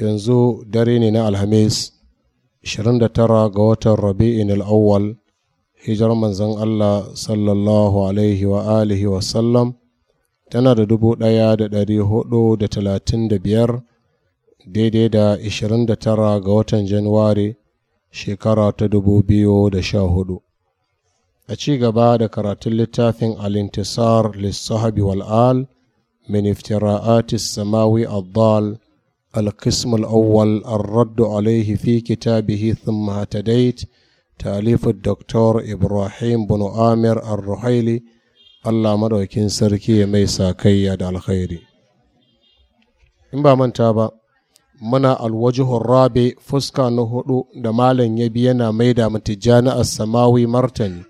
yanzu dare ne na alhamis 29 ga watan rabi'in al'awwal hijar manzan Allah sallallahu alaihi wa alihi sallam tana da dubu ɗaya da ɗari hudu da talatin da biyar daidai da 29 ga watan januwari shekara ta dubu biyu da sha hudu a cigaba da karatun littafin alintisar lissahabi wal'al min iftira'atis samawi addal القسم الأول الرد عليه في كتابه ثم اهتديت تأليف الدكتور إبراهيم بن آمر الرحيلي الله مدوكين سركي ميسا كياد الخير إن من تابا منا الوجه الرابع فسكا نهدو دمالا يبينا ميدا متجانا السماوي مرتن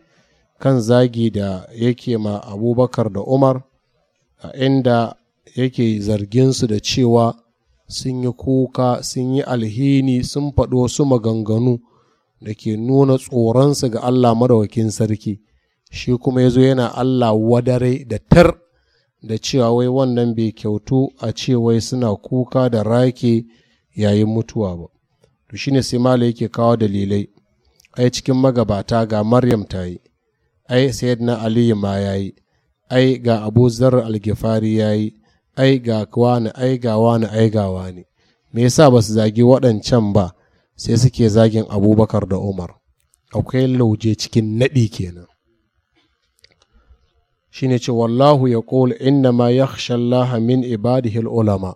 كان zagi دا يكي ما أبو بكر دا عمر عند يكي zarginsu دا cewa sun yi kuka sun yi alhini sun faɗo su maganganu da ke nuna tsoronsu ga Allah madawakin sarki shi kuma ya zo yana Allah wadare da tar da cewa wai wannan bai kyautu a cewa suna kuka da rake yayin mutuwa ba to shine sai yake kawo dalilai ai cikin magabata ga maryam ta yi ai sayyidina aliyu ma ya yi ai ga abu zarar algifari ya yi ai ga wani ai ga wani ai ga wani me yasa ba su zagi waɗancan ba sai suke zagin abubakar da umar akwai lauje cikin naɗi kenan shine ce wallahu ya ƙola inna ma ya shallaha min ibadihil ulama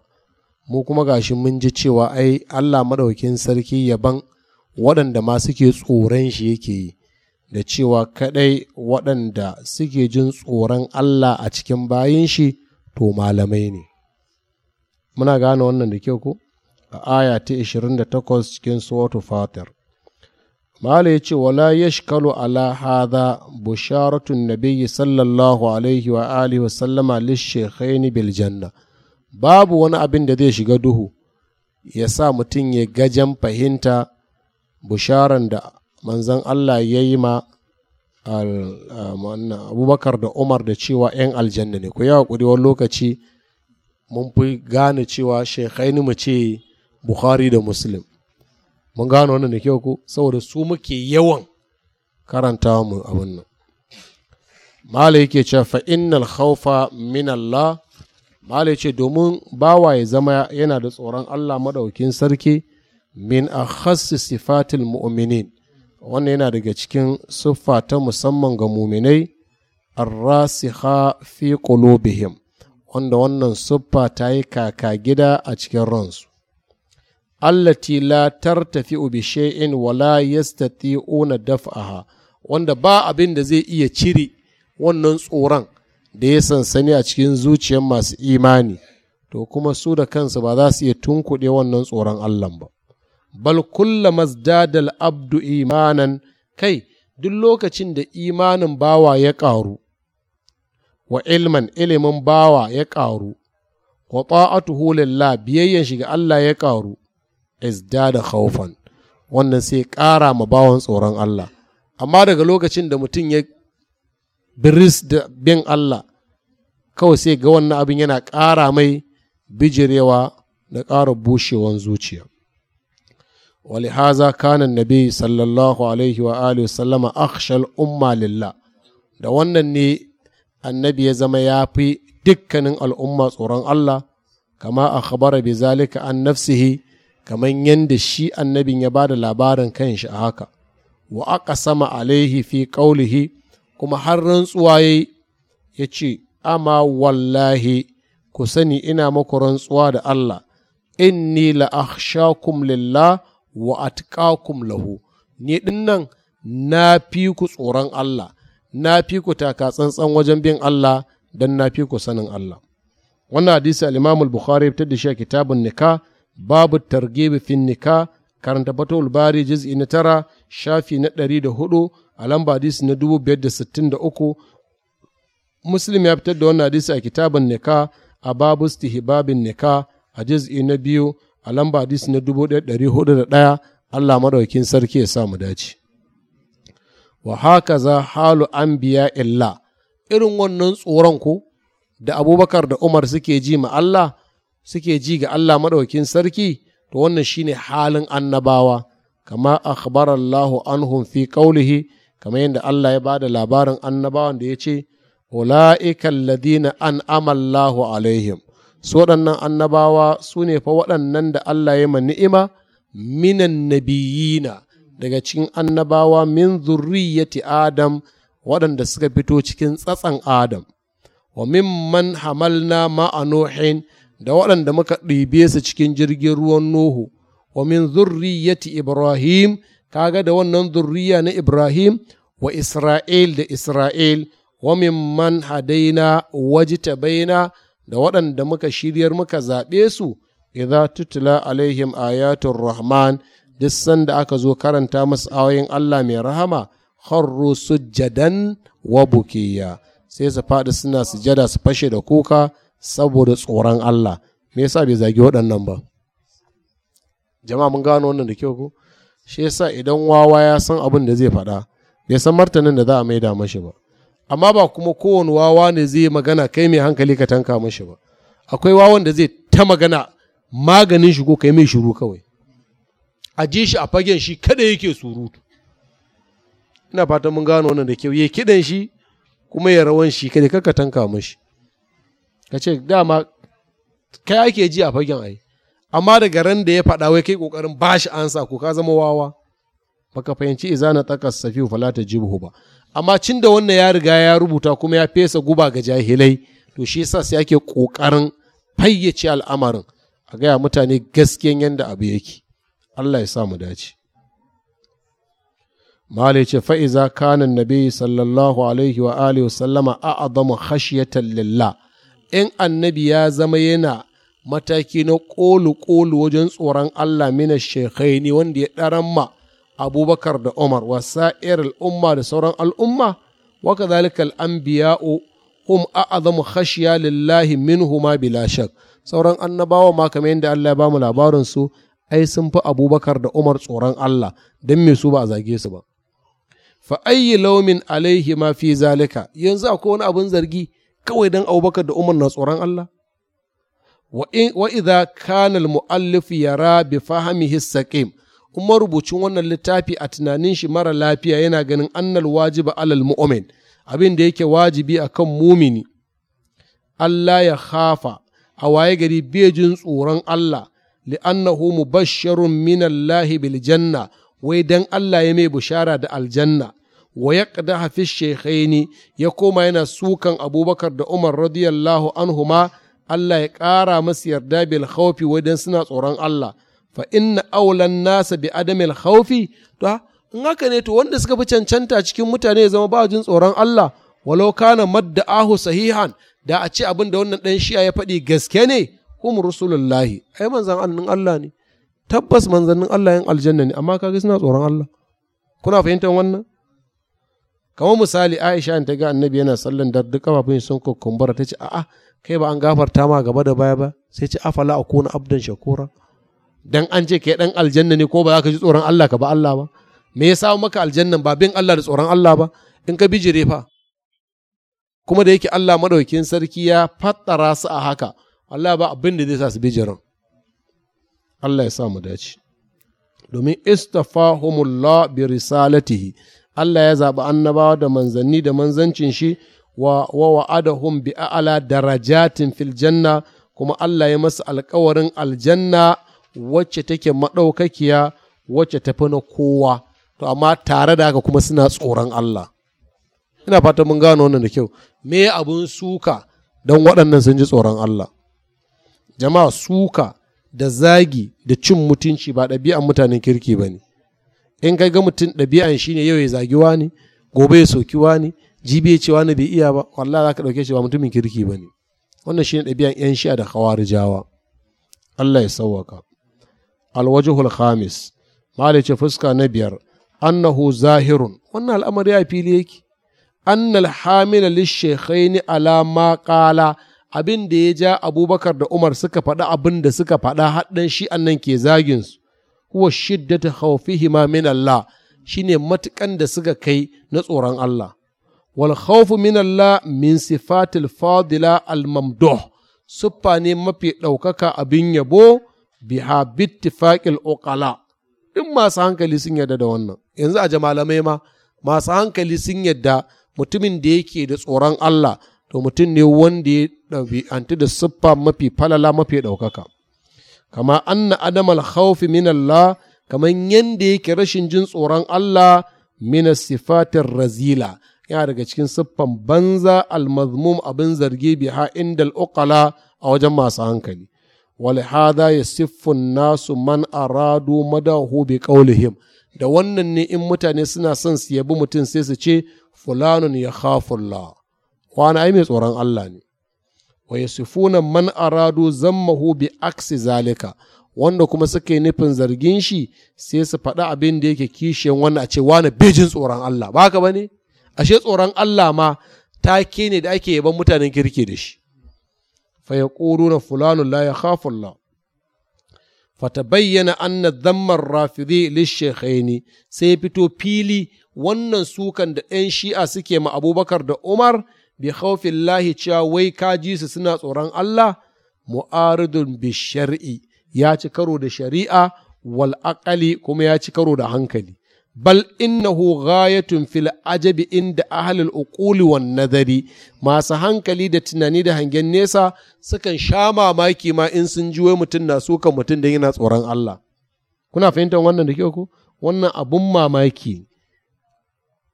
mu kuma gashi mun ji cewa ai allah maɗaukin sarki yaban waɗanda ma suke tsoron shi yake yi da cewa kaɗai waɗanda suke jin tsoron allah a cikin bayan shi to malamai ne muna gane wannan da kyau ko a aya ta 28 cikin suratu fatir mala ya ce wala ya yashkalu ala hadha busharatun nabiyyi sallallahu alaihi wa alihi wa sallama lishekhaini bil janna babu wani abin da zai shiga duhu ya sa mutum ya gajen fahimta busharan da manzan Allah ya yi ma Ah, abubakar da umar da cewa 'yan aljanna ne ku yi kudi wani lokaci mun fi gane cewa shekai ni ce bukhari da muslim mun gane wannan da kyau ku saboda su muke yawan karanta mu abin nan mala yake ce fa innal khawfa min Allah mala ce domin bawa ya zama yana da tsoron Allah madaukin sarki min akhassi sifatil mu'minin wannan yana daga cikin siffa ta musamman ga muminai arrasiha fi qulubihim wanda wannan siffa ta yi kaka gida a cikin ransu allati la tartafi bi shay'in wa la yastati'una daf'aha wanda ba abin da zai iya cire wannan tsoron da ya sansani a cikin zuciyar masu imani to kuma su da kansu ba za su iya tunkuɗe wannan tsoron Allah ba bal kulla mazdadal abdu imanan kai duk lokacin da imanin bawa ya ƙaru wa ilman ilimin bawa ya ƙaru wa ta'atuhu lillah biyayyan shiga Allah ya ƙaru izdada khawfan wannan sai ƙara ma bawan tsoron Allah amma daga lokacin da mutum ya biris da bin Allah kawai sai ga wannan abin yana ƙara mai bijirewa da ƙara bushewan zuciya ولهذا كان النبي صلى الله عليه وآله وسلم أخشى الأمة لله da wannan ne annabi ya zama ya fi dukkanin al'umma tsoron Allah kama a khabara an nafsihi kamar yadda shi annabin ya ba da labarin kanshi a haka wa aka sama alaihi fi ƙaulihi kuma har rantsuwa ya ce ama wallahi ku sani ina maku rantsuwa da Allah inni la akhshakum lillah wa atqakum lahu ni dinnan na fi ku tsoron Allah na fi ku taka tsantsan wajen bin Allah dan na fi ku sanin Allah wannan hadisi al-Imam al-Bukhari fitar da shi a kitabun nikah babu targhib fi nikah karanta fatul bari juz'i na tara shafi na ɗari da a lamba hadisi na dubu muslim ya fitar da wannan hadisi a kitabun nika a babu istihbabin nika a juz'i na biyu a lamba hadisi na 1401 Allah madaukin sarki ya sa mu dace wa haka za halu an biya illa irin wannan tsoron ko da abubakar da umar suke ji ma Allah suke ji ga Allah madaukin sarki to wannan shine halin annabawa kama Allah anhum fi qawlihi kamar yadda Allah ya bada labarin annabawan da ya ce ula'ika alladhina an'ama amallahu alaihim su waɗannan annabawa su ne fa waɗannan da Allah ya ma ni'ima minan nabiyina daga cikin annabawa min zurriyati adam waɗanda suka fito cikin tsatsan adam wa man hamalna a nuhin da waɗanda muka ɗibe su cikin jirgin ruwan nuhu wa min zurriyati ibrahim kaga da wannan zurriya na ibrahim wa isra'il da isra'il wa man hadaina wajtabaina da waɗanda muka shiryar muka zaɓe su idza tutula alaihim ayatul rahman duk sanda aka zo karanta masu ayoyin Allah mai rahama kharru sujjadan wa bukiya sai su faɗi suna sujada su fashe da kuka saboda tsoron Allah me yasa bai zagi waɗannan ba jama'a mun gano wannan da kyau ko shi yasa idan wawa ya san abin da zai faɗa bai san martanin da za a maida mashi ba amma ba kuma kowane wawa ne zai magana kai mai hankali ka tanka mashi ba akwai wawan da zai ta magana maganin shi ko kai mai shiru kawai a ji shi a fagen shi kada yake surutu ina fatan mun gano wannan da kyau ya kidan shi kuma ya rawan shi kada ka tanka mashi ka ce dama kai ake ji a fagen ai amma daga ran da ya faɗa wai kai kokarin bashi ansa ko ka zama wawa baka fahimci izana takas safiu fala jibhu ba amma cin da wannan ya riga ya rubuta kuma ya fesa guba ga jahilai to shi yasa sai yake kokarin fayyace al'amarin a gaya mutane gaskiyan yadda abu yake Allah ya sa mu dace Mali ce fa'iza kanan nabi sallallahu alaihi wa alihi wasallama a adamu lillah in annabi ya zama yana mataki na ƙolu-ƙolu wajen tsoron Allah mina shekai ne wanda ya ɗaran ma abubakar da umar wa sa'ir al'umma da sauran al'umma wa kadhalika al'anbiya'u hum a'azamu khashiya lillahi huma bila shak sauran annabawa ma kamar yadda Allah ya bamu labarin su ai sun fi abubakar da umar tsoron Allah don me su ba a zage su ba fa ayyi laumin alaihi ma fi zalika yanzu akwai wani abin zargi kawai don abubakar da umar na tsoron Allah wa idza kana al-mu'allif yara bi fahmihi saqim kuma rubucin wannan littafi a tunanin shi mara lafiya yana ganin annal wajiba alal mu'min abin da yake wajibi akan mumini Allah ya khafa a waye gari biye jin tsoron Allah li'annahu mubashsharun min Allah bil janna wai dan Allah ya mai bushara da aljanna wa yaqda fi shaykhaini ya koma yana sukan Abubakar da Umar radiyallahu anhuma Allah ya kara masu yarda bil khawfi wai dan suna tsoron Allah fa inna aulan nasa bi adamil haufi to in haka ne to wanda suka fi cancanta cikin mutane ya zama ba jin tsoron Allah walau kana madda ahu sahihan da a ce abin da wannan dan shi'a ya faɗi gaske ne hum rusulullahi ai manzan annin Allah ne tabbas manzannin Allah yin aljanna ne amma kaga suna tsoron Allah kuna fahimtar wannan kamar misali Aisha ta ga annabi yana sallan da duk kafafun sun kokumbara ta ce a'a kai ba an gafarta ma gaba da baya ba sai ce afala akuna abdan shakura dan an ce kai dan aljanna ne ko ba za ka ji tsoron Allah ka ba Allah ba me ya samu maka aljannan ba bin Allah da tsoron Allah ba in ka bijire fa kuma da yake Allah madaukin sarki ya fattara su a haka Allah ba abin da zai sa su bijiran Allah ya sa mu dace domin istafahumullah bi risalatihi Allah ya zaɓi annabawa da manzanni da manzancin shi wa wa'adahum bi ala darajatin fil janna kuma Allah ya masa alkawarin aljanna wacce take maɗaukakiya wacce tafi na kowa to amma tare da haka kuma suna tsoron Allah ina fatan mun gano wannan da kyau me abun suka don waɗannan sun ji tsoron Allah jama'a suka da zagi da cin mutunci ba ɗabi'an mutanen kirki ba ne in kai ga mutum ɗabi'an shine yau ya zagi ne gobe ya sokiwa ne jibi ya cewa na bai iya ba wallah za ka ɗauke shi ba mutumin kirki ba ne wannan shine ɗabi'an 'yan shi'a da hawarijawa Allah ya sauwaka alwajihul khamis malice fuska na biyar annahu zahirun wannan al'amari a fili yake annal hamila lishekhaini ala ma qala abin da ya ja abubakar da umar suka faɗa abin da suka faɗa haɗin shi annan ke zagin su huwa shiddatu khawfihima min Allah shine matukan da suka kai na tsoron Allah wal khawfu min Allah min sifatil fadila al mamduh siffa ne mafi ɗaukaka abin yabo biha bittifaqil uqala in masu hankali sun yarda da wannan yanzu a malamai ma masu hankali sun yarda mutumin da yake da tsoron Allah to mutum ne wanda ya ɗabi'antu da siffa mafi falala mafi ɗaukaka kama anna adamal khawfi min Allah kamar yanda yake rashin jin tsoron Allah min sifatar razila yana daga cikin siffan banza almazmum abin zargi biha indal uqala a wajen masu hankali ولهذا يصف الناس man aradu madahu bi qawlihim da wannan ne in mutane suna son su yabi mutum sai su ce fulanun ya khafullah kwana ai mai tsoron Allah ne wa yasifuna man aradu zammahu bi aksi zalika wanda kuma suke nufin zargin shi sai su faɗi abin da yake kishiyan wannan a ce wani bejin tsoron Allah ba haka bane ashe tsoron Allah ma take ne da ake yaban mutanen kirki da shi fa فلان لا يخاف الله فتبين fatabayyana الذم الرافضي للشيخين lishaykhaini sai fito fili wannan sukan da 'yan shi'a suke ma Abubakar da Umar bi khawfin lahi cewa wai kaji su suna tsoron Allah mu'aridun bi shar'i ya ci karo da shari'a wal aqali kuma ya ci karo da hankali bal innahu ya fil ajabi inda ahlul uquli wan nazari masu hankali da tunani da hangen nesa sukan sha mamaki ma in sun ji wai mutum na sukan mutum da yana tsoron Allah kuna fahimtar wannan da ke ku wannan abun mamaki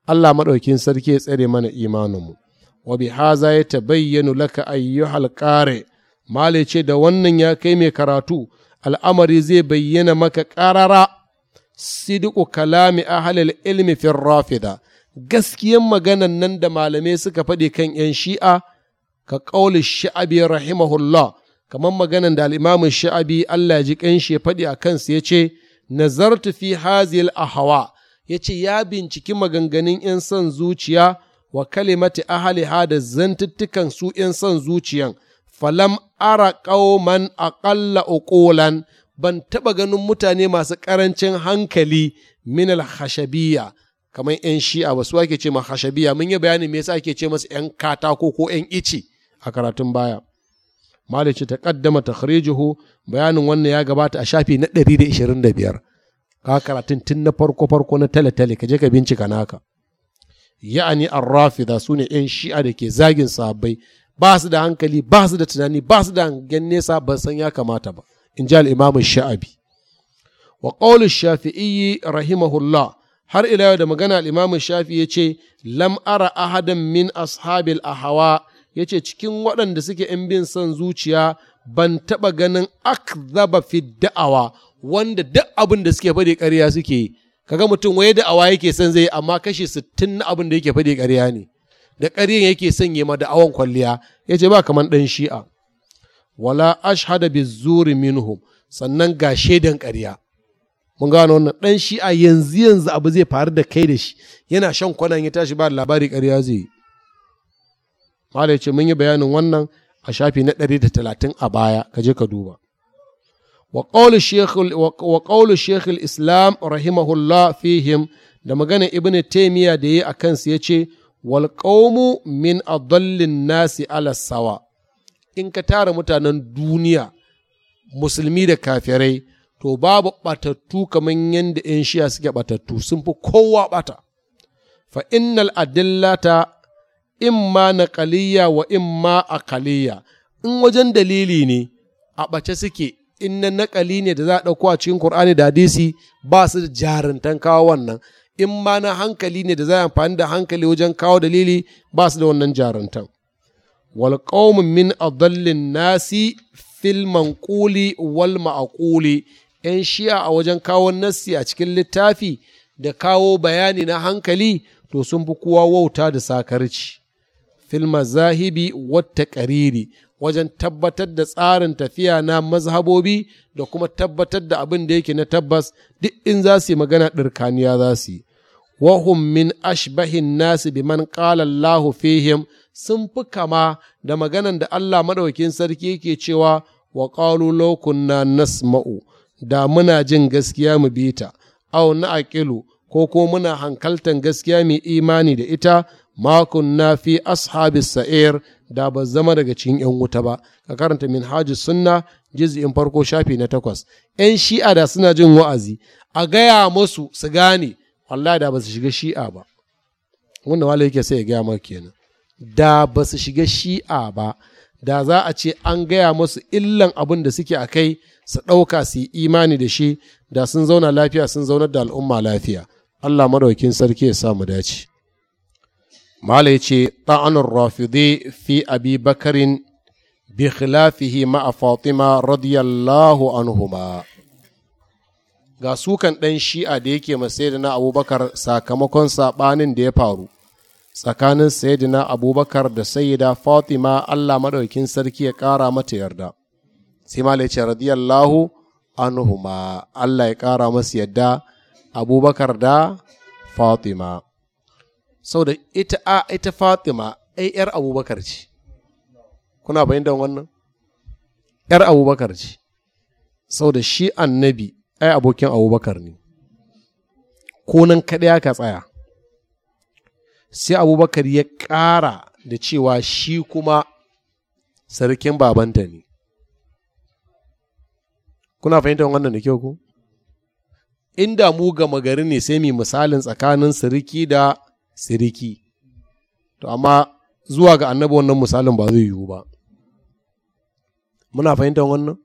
Allah madaukin sarki ya tsare mana imaninmu wa bi haza ya tabayyanu laka ayyuhal qari male ce da wannan ya kai mai karatu al'amari zai bayyana maka ƙarara sidiku kalami ahalil ilmi fil rafida gaskiyan maganan nan da malamai suka faɗi kan 'yan shi'a ka ƙauli sha'abi rahimahullah kamar maganan da al'imamin sha'abi Allah ya ji ƙanshi ya faɗi a kansu ya ce nazartu fi hazil ahawa ya ce ya binciki maganganun 'yan son zuciya wa kalimati ahaliha da zantuttukan su 'yan son zuciyan falam ara ƙauman aƙalla uƙulan ban taɓa ganin mutane masu ƙarancin hankali minal hashabiya kamar 'yan shi'a ba su ake ce ma hashabiya mun yi bayanin me yasa ake ce masu 'yan katako ko 'yan ici a karatun baya malici ta kaddama takhrijuhu bayanin wannan ya gabata a shafi na 125 ka karatun tun na farko farko na tale tale ka je ka bincika naka ya'ani a rafida ne 'yan shi'a da ke zagin sahabbai ba su da hankali ba su da tunani ba su da hangen nesa ban san ya kamata ba in ji al'imamin sha'abi wa ƙaunar shafi'i rahimahullah har ila yau da magana al'imamin shafi ya ce lam'ara ahadan min ashabil ahawa ya ce cikin waɗanda suke ‘yan bin son zuciya ban taɓa ganin akzaba fi da'awa wanda duk abin da suke faɗi ƙarya suke yi kaga mutum wai da'awa yake son zai amma kashe sittin na abin da yake faɗi ƙarya ne da karyan yake son yi ma da'awan kwalliya ya ce ba kamar ɗan shi'a wala ashhada bizuri minhum sannan ga shaidan ƙarya mun gano wannan ɗan shi'a yanzu yanzu abu zai faru da kai da shi yana shan kwanan ya tashi ba labari ƙarya zai yi ce mun yi bayanin wannan a shafi na ɗari da talatin a baya ka je ka duba wa qawlu shekul islam rahimahullah fihim da magana Ibnu taimiyya da yi a kansu ya ce wal min adallin nasi ala sawa in ka tara mutanen duniya musulmi da kafirai to babu batattu kamar yadda 'yan shiya suke batattu sun fi kowa bata fa innal adillata imma naqaliyya wa a kaliyya in wajen dalili ne a ɓace suke in na naƙali ne da za a ɗauko a cikin Kur'ani da hadisi ba su jarintan kawo wannan in ma na hankali ne da za a amfani da hankali wajen kawo dalili ba su da wannan jarintan wal qaumu min adallin nasi fil manquli wal ma'quli ‘yan shi'a a wajen kawo nassi a cikin littafi da kawo bayani na hankali to sun fi kowa wauta da sakarci. Filma zahibi wata ƙariri wajen tabbatar da tsarin tafiya na mazhabobi da kuma tabbatar da abin da yake na tabbas duk in za su yi magana ɗirkaniya za su yi. wahum min ashbahin nasi biman qala Allahu fihim sun fi kama da maganan da Allah madaukin sarki yake cewa wa qalu law kunna nasma'u da muna jin gaskiya mu bi ta aw na aqilu ko ko muna hankaltan gaskiya mai imani da ita ma kunna fi ashabis sa'ir da ba zama daga cikin yan wuta ba ka karanta haji sunna juz'in farko shafi na takwas yan shi'a da suna jin wa'azi a gaya musu su gane wallahi da ba su shiga shi'a ba wanda wale yake sai ya gaya maka kenan da ba su shiga shi'a ba da za a ce an gaya masu illan abin da suke a kai su ɗauka su yi imani da shi da sun zauna lafiya sun zaunar da al'umma lafiya allah madaukin sarki ya samu dace mala ce ta'anun rafidi fi abi bakarin bi khilafihi ma'a fatima radiyallahu anhuma ga sukan ɗan shi'a da yake ma sayyidina abubakar sakamakon saɓanin da ya faru tsakanin sayyidina abubakar da sayyida fatima allah maɗaukin sarki ya ƙara mata yarda sai ma ce radiyallahu anhuma allah ya ƙara masu yadda abubakar da fatima sau da ita a ita fatima ai yar abubakar ce kuna bayan wannan yar abubakar ce sau da shi annabi ai abokin abubakar ne ko nan kaɗai aka tsaya sai abubakar ya ƙara da cewa shi kuma sarkin babanta ne kuna fahimtar wannan da kyau ku inda mu gama gari ne sai mai misalin tsakanin siriki da siriki to amma zuwa ga annabi wannan misalin ba zai yiwu ba muna fahimtar wannan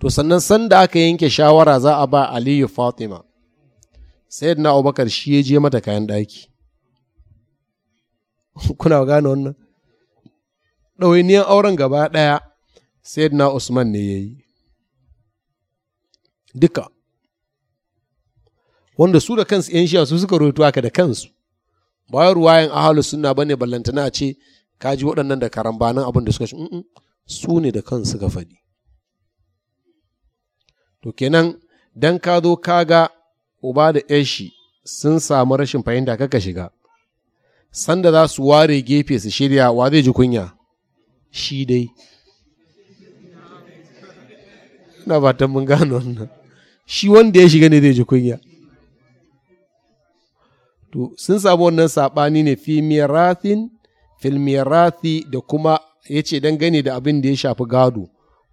to sannan sanda aka yanke shawara za a ba aliyu fatima sayyidina abubakar shi ya je mata kayan ɗaki kuna gane wannan ɗawainiyar auren gaba ɗaya sayyidina usman ne ya yi duka wanda su da kansu 'yan shiya su suka roto aka da kansu bayar wayan ahalu suna bane ballantana a ce kaji waɗannan da karambanin abin da suka shi su ne da kansu ga faɗi to kenan dan ka zo ka ga uba da yashi sun samu rashin fahimta kaka shiga sanda za su ware gefe su shirya wa zai ji kunya shi dai ina fatan mun gano wannan shi wanda ya shiga ne zai ji kunya to sun samu wannan saɓani ne fi mirathin da kuma ya ce dangane da abin da ya shafi gado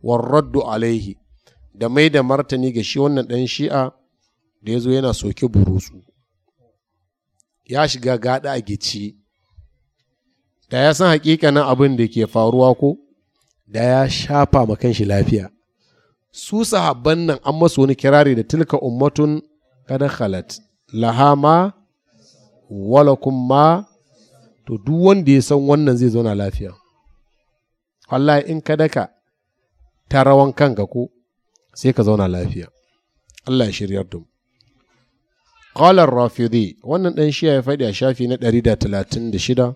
warraddu alaihi da mai da martani ga shi wannan ɗan shi'a da ya zo yana soke burutsu ya shiga gada a gici da ya san hakikanin abin da ke faruwa ko da ya shafa ma shi lafiya su sahabban nan an masu wani kirari da tilka ummatun kada khalat lahama walakum ma to duk wanda ya san wannan zai zauna lafiya wallahi in ka daka ta rawan kanka ko sai ka zauna lafiya Allah ya shiryar da mu qala wannan dan shi ya faɗi a shafi na 136 fa ha shida.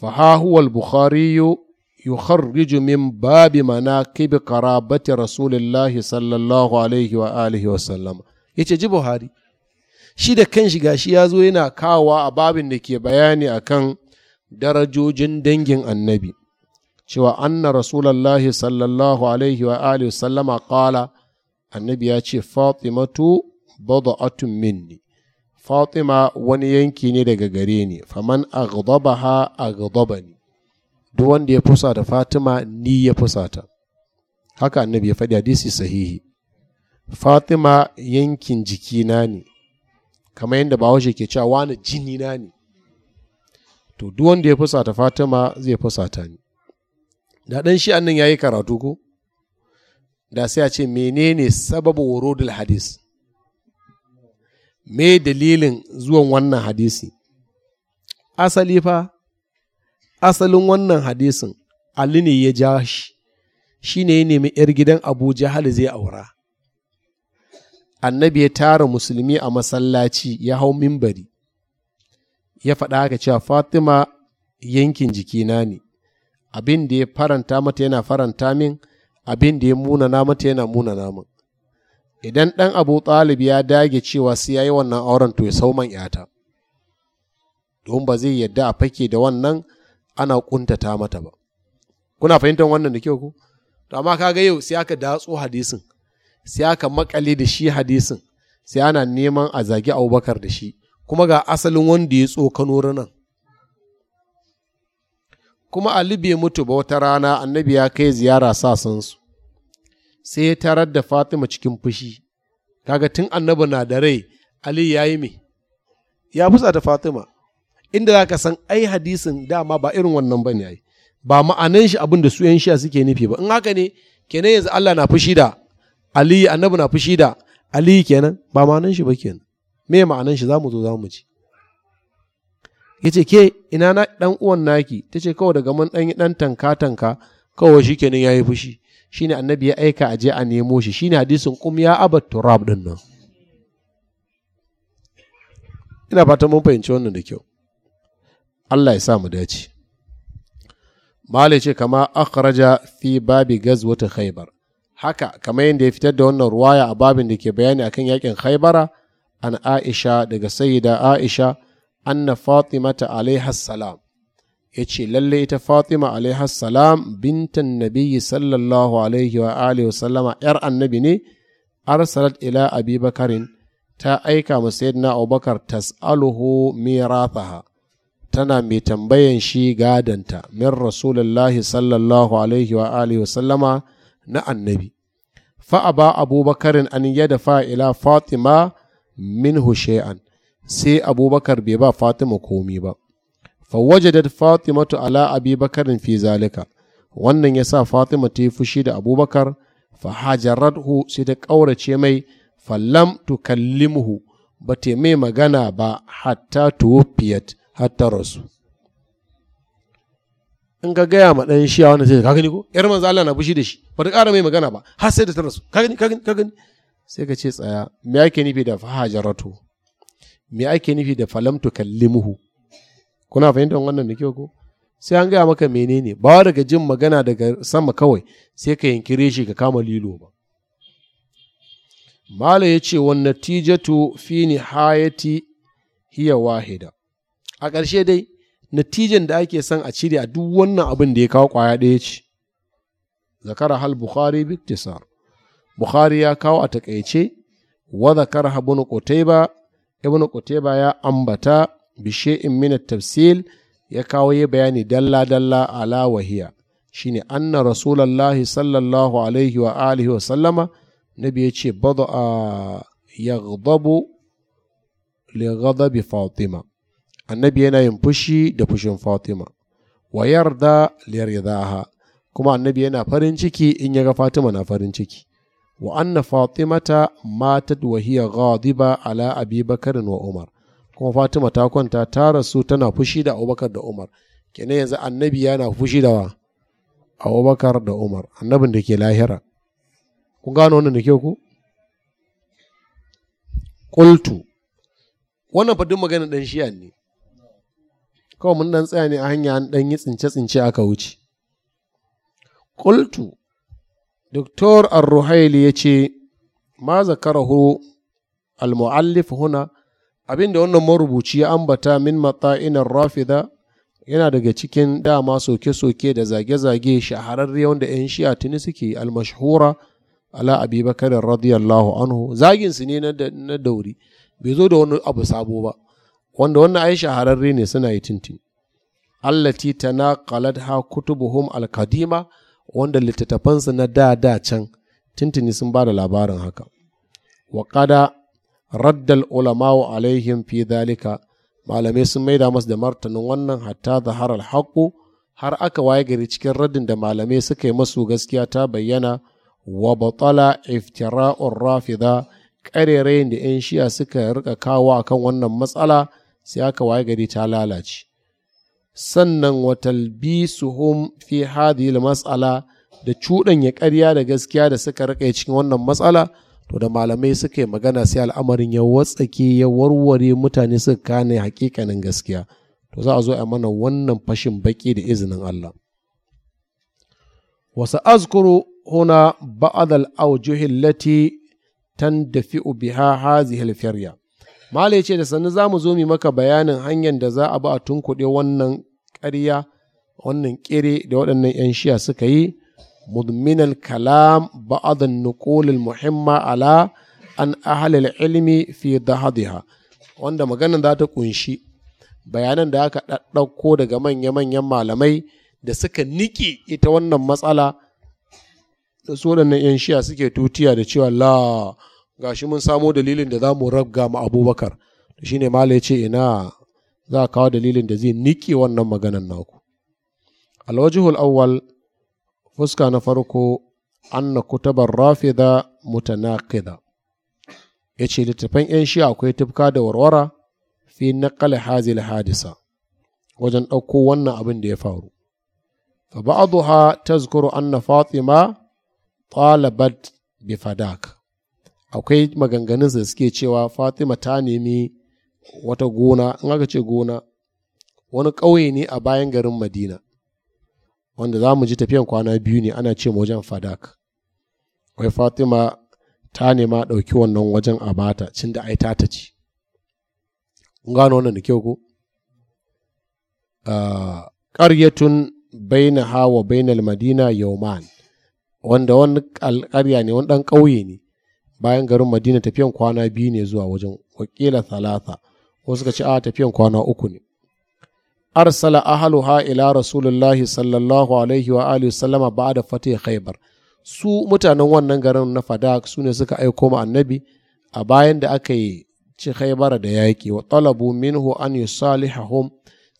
Fahawal bukhari yukharrij min babi manaqib qarabati rasulillahi sallallahu alaihi wa alihi wa sallam yace ji buhari shi da kan shiga shi ya zo yana kawa a babin da ke bayani akan darajojin dangin annabi cewa anna rasulallahi sallallahu alaihi wa alihi sallama kala annabi ya ce fatimatu bada'atun minni fatima wani yanki ne daga gare ni faman aghdabaha aghdabani duk wanda ya fusa fatima ni ya fusata haka annabi ya faɗi hadisi sahihi fatima yankin jikina ne kamar yadda ba bahaushe ke cewa wani jinina ne to duk wanda ya fusata fatima zai fusata ni da ɗan shi annan ya yi karatu ko da sai a ce menene sababu wurudul hadis me dalilin zuwan wannan hadisi asali fa asalin wannan hadisin ali ne ya ja shi shi ne ya nemi 'yar gidan abu jahal zai aura annabi ya tara musulmi a masallaci ya hau mimbari ya faɗa haka cewa fatima yankin jikina ne abin da ya faranta mata yana faranta min abin da ya munana mata yana munana min idan ɗan abu ɗalib ya dage cewa sai ya yi wannan auren to ya sauman yata don ba zai yadda a fake da wannan ana kuntata mata ba kuna fahimtar wannan da kyau ku to amma kaga yau sai aka datso hadisin sai aka makale da shi hadisin sai ana neman a zagi abubakar da shi kuma ga asalin wanda ya tsokano ranar kuma Ali bai mutu ba wata rana annabi ya kai ziyara su sai ya tarar da Fatima cikin fushi kaga tun annabi na da rai Ali ya yi me ya fusa da Fatima inda za ka san ai hadisin dama ba irin wannan ba ne ai ba ma'anan shi abin da su yan shiya suke nufi ba in haka ne kenan yanzu Allah na fushi da Ali annabi na fushi da Ali kenan ba ma'anan shi ba kenan me ma'anan shi za mu zo za mu ci ya ce ke ina na ɗan uwan naki ta ce kawai daga mun ɗan yi ɗan tanka tanka kawai shi kenan ya yi fushi shi ne annabi ya aika a je a nemo shi ne hadisin kum ya abat turab din nan ina fatan mun fahimci wannan da kyau Allah ya sa mu dace Malai ce kama akhraja fi babi gazwata khaybar haka kamar yadda ya fitar da wannan ruwaya a babin da ke bayani akan yakin khaybara an Aisha daga sayyida Aisha anna fatimata alaiha salam ya ce lalle ita fatima alaiha salam bintan nabiyyi sallallahu alaihi wa alihi wasallama yar annabi ne arsalat ila abi bakarin ta aika ma sayyidina abubakar tas'aluhu mirathaha tana mai tambayan shi gadanta min rasulullahi sallallahu alaihi wa alihi wasallama na annabi fa'aba abubakarin an yada Ila fatima min shay'an sai abubakar bai ba fatima komi ba fatima fatimatu ala abi fi zalika wannan ya sa fatima ta yi fushi da abubakar fahajarrathu sai ta ƙaurace mai fallam tukallimuhu ba ta mai magana ba hatta wufiyat hatta rasu in ka gaya ma ɗan a wanda sai ka gani ko yar manzo Allah na fushi da shi ba ta ƙara mai magana ba har sai da ta rasu ka gani ka gani ka gani sai ka ce tsaya me yake nufi da fahajaratu me ake nufi da falam tu kallimuhu kuna fahimtar wannan da kyau ko sai an gaya maka menene ba daga jin magana daga sama kawai sai ka yankire shi ka kama lilo ba mala ya ce wani natijatu fi ni hayati hiya wahida a ƙarshe dai natijan da ake son a cire a duk wannan abin da ya kawo ƙwaya ɗaya ce zakara hal bukhari biktisar bukhari ya kawo a taƙaice wa zakara habun ba. ibn qutayba ya ambata bi in min tafsil ya kawo yi bayani dalla dalla ala wahiya shine anna rasulullahi sallallahu alaihi wa alihi wa sallama nabi ya ce bada yaghdabu li ghadabi fatima annabi yana yin fushi da fushin fatima wa yarda li ridaha kuma annabi yana farin ciki in ya ga fatima na farin ciki wa anna fatimata matat wa hiya ghadiba ala abi bakar wa umar kuma fatima ta kwanta ta rasu tana fushi da abubakar da umar kenan yanzu annabi yana fushi da abubakar da umar annabin da ke lahira Ku gano wannan da ke ku kultu wannan fadin magana dan shi'a ne kawai mun dan tsaya ne a hanya an dan yi tsince-tsince aka wuce kultu دكتور ar ya ce, المؤلف هنا abin da wannan marubuci ya ambata min matsa'inar rafida yana daga cikin dama soke-soke da zage-zage shahararre wanda 'yan shi'a tuni suke almashhura ala abubakar radiyallahu anhu zaginsu ne na dauri bai zo da wani abu sabo ba wanda wannan ai shahararre ne suna yi tintin allati tanaqalat ha kutubuhum alkadima wanda littattafansa na da da can tuntuni sun ba da labarin haka wa kada raddal ulama'u alaihim fi dalika malamai sun maida masu da martanin wannan hatta zaharar haƙo har aka waye gari cikin raddin da malamai suka yi masu gaskiya ta bayyana wa batala iftira'ur rafida ƙarerayin da 'yan shiya suka rika kawo akan wannan matsala sai aka waye gari ta lalace sannan watalbisuhum fi hadhihi mas'ala da ya karya da gaskiya da suka rika cikin wannan matsala to da malamai suka yi magana sai al'amarin ya watsake ya warware mutane suka kane hakikanin gaskiya to za a zo a mana wannan fashin baki da izinin Allah wasu azkuru huna ba'adal aujuhillati tandafi'u biha hazihi alfirya Mala ce da sannu za mu zo mu maka bayanin hanyar da za a ba a tunkuɗe wannan ƙarya wannan ƙere da waɗannan 'yan shiya suka yi mudminal kalam ba'adun nuqulil muhimma ala an ahalil ilmi fi dahadiha wanda maganan za ta kunshi bayanan da aka ɗaɗɗauko daga manya-manyan malamai da suka niki ita wannan matsala da su waɗannan 'yan shiya suke tutiya da cewa la Ga shi mun samo dalilin da za mu rabga ma abubakar shine mala ya ce ina za a kawo dalilin da zai niƙe wannan maganan naku alwajihul awwal fuska na farko anna kutabar rafida mutanaqida ya ce littattafan 'yan shi akwai tufka da warwara fi naqal hazil hadisa wajen ɗauko wannan abin da ya faru fa ba'dha tazkuru anna fatima talabat bifadak akwai maganganun da suke cewa fatima ta nemi wata gona in aka ce gona wani ƙauye ne a bayan garin madina wanda za mu ji tafiyan kwana biyu ne ana ce wajen fadak wai fatima ta nema ɗauki wannan wajen a bata cin da ai ta ci kun gano wannan da kyau ko ah, ƙaryatun baina hawa bainal madina yauman wanda wani ƙarya ne wani ɗan ƙauye ne bayan garin madina tafiyan kwana biyu ne zuwa wajen wakila talata wasu suka ce a tafiyan kwana uku ne arsala ha ila rasulullahi sallallahu alaihi wa alihi sallama ba da khaybar su mutanen wannan garin na fadak su ne suka aiko ma annabi a bayan da aka yi ci khaybar da yaki wa talabu minhu an yusalihahum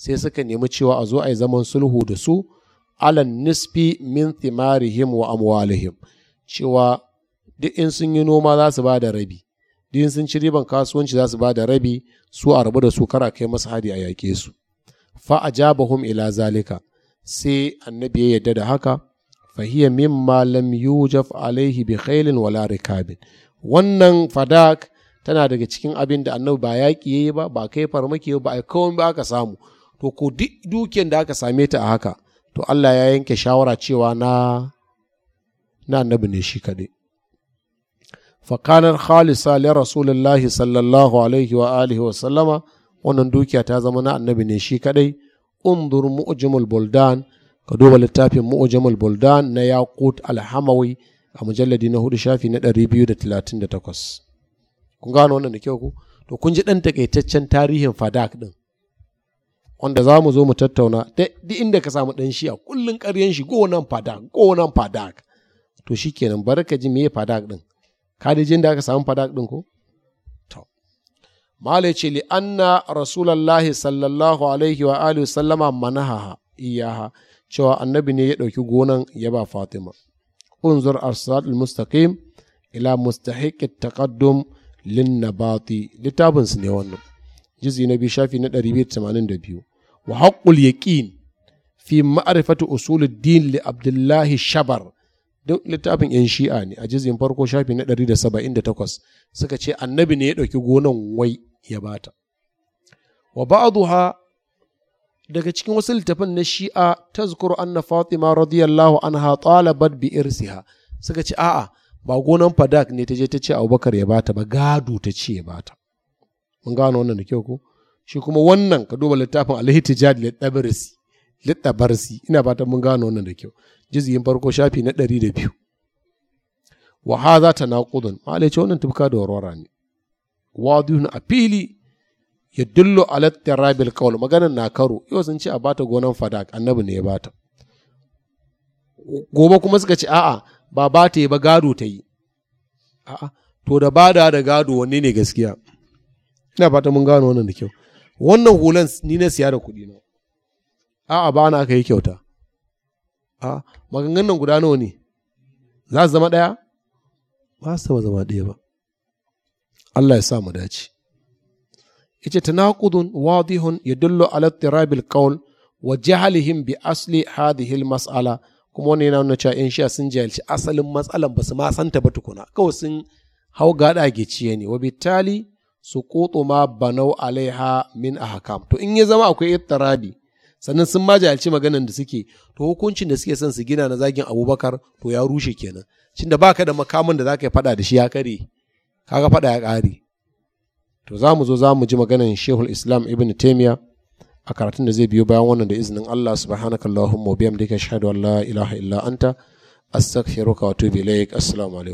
sai suka nemi cewa a zo a yi zaman sulhu da su alan nisfi min thimarihim wa amwalihim cewa duk in sun yi noma za su ba da rabi duk in sun ci riban kasuwanci za su ba da rabi su a rabu da su kara kai masa hadi a yaƙe su fa ajabahum ila zalika sai annabi ya yadda da haka fahiya mimma lam yujaf alaihi bi khailin wala rikabin wannan fadak tana daga cikin abin da annabi ba yaƙi yayi ba ba kai farmaki ba ai kawai ba aka samu to ko duk dukiyar da aka same ta a haka to Allah ya yanke shawara cewa na na annabi ne shi kaɗai fakanar khalisa li rasulullahi sallallahu alaihi wa alihi wa sallama wannan dukiya ta zama na annabi ne shi kadai undur mu'jamul buldan ka duba littafin mu'jamul buldan na yaqut alhamawi a mujalladi na hudu shafi na 238 kun gano wannan da kyau ku to kun ji dan takaitaccen tarihin fadak din wanda za mu zo mu tattauna duk inda ka samu dan shi a kullun karyan shi go nan fadak go nan fadak to shikenan barka ji me fadak din ka da jin da aka samu fadak ɗin ko to mala ce li anna rasulullahi sallallahu alaihi wa alihi sallama manaha iyaha cewa annabi ne ya ɗauki gonan ya ba fatima unzur al mustaqim ila mustahiq taqaddum lin nabati littafin su ne wannan jizi na biyu shafi na 282 wa haqqul yaƙin fi ma'rifati usulid din li abdullahi shabar duk littafin yan shi'a ne a jizin farko shafi na 178 suka ce annabi ne ya ɗauki gonan wai ya bata wa ba'adu ha daga cikin wasu littafin na shi'a ta tazkuru anna fatima radiyallahu anha talabat bi irsiha suka ce a'a ba gonan fadak ne ta je ta ce abubakar ya bata ba gado ta ce ya bata mun gano wannan da kyau ko shi kuma wannan ka duba littafin alhitijad da tabrisi barsi. ina fatan mun gano wannan da kyau jizgin farko shafi na ɗari da biyu wa ta naƙudun, malai ce wannan tufka da warwara ne duhun a fili ya dillo ala rabil kawal maganan na karo yau sun ce a bata gonan fadak annabi ne ya bata gobe kuma suka ce a'a ba ba ta yi ba gado ta yi a'a to da bada da gado wanne ne gaskiya ina fata mun gano wannan da kyau wannan hulan ni na siya da kuɗi na a'a ba na aka yi kyauta a maganganun guda nawa ne za su zama ɗaya ba su taɓa zama ɗaya ba Allah ya sa mu dace yace tanaqudun wadihun yadullu ala tirabil qawl wa jahlihim bi asli hadhihi al-mas'ala kuma wannan yana nuna cewa in sha sun jahilci asalin matsalan ba su ma santa ba tukuna kawai sun hau gada giciye ne wa bitali su ma banau alaiha min ahkam to in ya zama akwai ittirabi sannan sun ma jahilci maganan da suke to hukuncin da suke son su gina na zagin abubakar to ya rushe kenan cin da baka da makamin da zaka yi fada da shi ya kare kaga fada ya kare to za mu zo za mu ji maganan shehul islam ibn taimiya a karatun da zai biyo bayan wannan da izinin allah subhanaka allahumma wa bihamdika shahadu an la ilaha illa anta astaghfiruka wa atubu ilaik assalamu